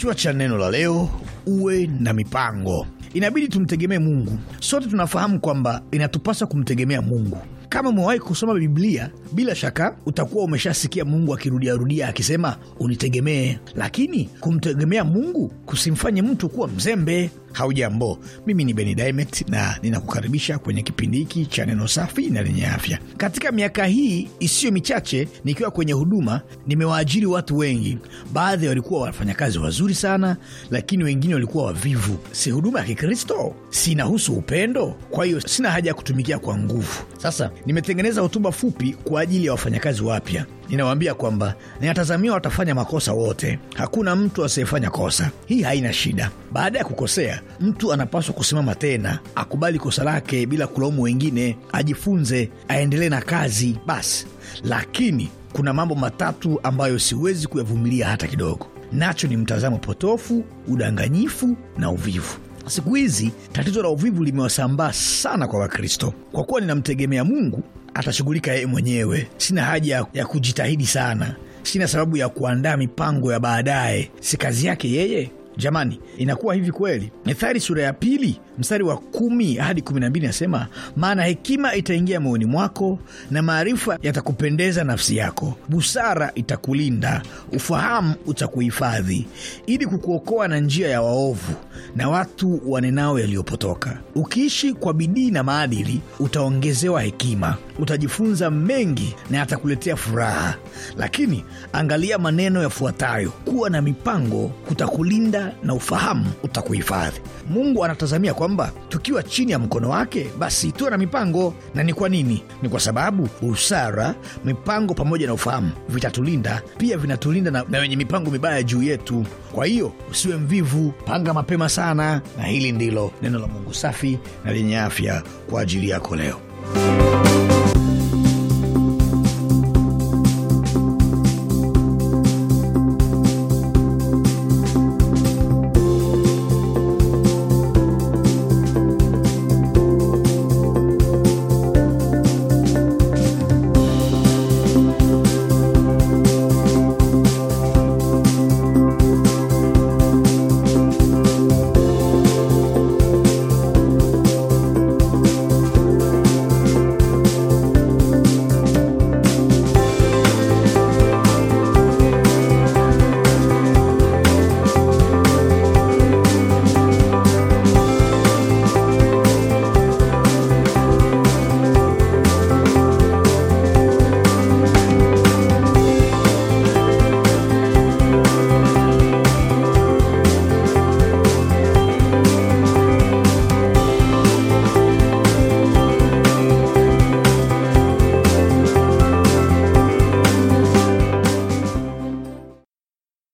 Kichwa cha neno la leo, uwe na mipango. Inabidi tumtegemee Mungu. Sote tunafahamu kwamba inatupasa kumtegemea Mungu. Kama umewahi kusoma Biblia, bila shaka utakuwa umeshasikia Mungu akirudiarudia akisema unitegemee. Lakini kumtegemea Mungu kusimfanye mtu kuwa mzembe. Haujambo, mimi ni Beni Dimet na ninakukaribisha kwenye kipindi hiki cha neno safi na lenye afya. Katika miaka hii isiyo michache, nikiwa kwenye huduma, nimewaajiri watu wengi. Baadhi walikuwa wafanyakazi wazuri sana, lakini wengine walikuwa wavivu. Si huduma ya Kikristo? sinahusu upendo? Kwa hiyo sina haja ya kutumikia kwa nguvu. Sasa nimetengeneza hotuba fupi kwa ajili ya wafanyakazi wapya. Ninawaambia kwamba ninatazamia watafanya makosa wote, hakuna mtu asiyefanya kosa. Hii haina shida. Baada ya kukosea, mtu anapaswa kusimama tena, akubali kosa lake bila kulaumu wengine, ajifunze, aendelee na kazi basi. Lakini kuna mambo matatu ambayo siwezi kuyavumilia hata kidogo, nacho ni mtazamo potofu, udanganyifu na uvivu. Siku hizi tatizo la uvivu limewasambaa sana kwa Wakristo. Kwa kuwa ninamtegemea Mungu, atashughulika yeye mwenyewe, sina haja ya kujitahidi sana, sina sababu ya kuandaa mipango ya baadaye, si kazi yake yeye. Jamani, inakuwa hivi kweli? Mithali sura ya pili mstari wa kumi hadi kumi na mbili nasema, maana hekima itaingia moyoni mwako na maarifa yatakupendeza nafsi yako. Busara itakulinda, ufahamu utakuhifadhi, ili kukuokoa na njia ya waovu na watu wanenao yaliyopotoka. Ukiishi kwa bidii na maadili, utaongezewa hekima, utajifunza mengi na yatakuletea furaha. Lakini angalia maneno yafuatayo: kuwa na mipango kutakulinda na ufahamu utakuhifadhi. Mungu anatazamia kwamba tukiwa chini ya mkono wake, basi tuwe na mipango. Na ni kwa nini? Ni kwa sababu busara, mipango pamoja na ufahamu vitatulinda, pia vinatulinda na, na wenye mipango mibaya juu yetu. Kwa hiyo usiwe mvivu, panga mapema sana, na hili ndilo neno la Mungu safi na lenye afya kwa ajili yako leo.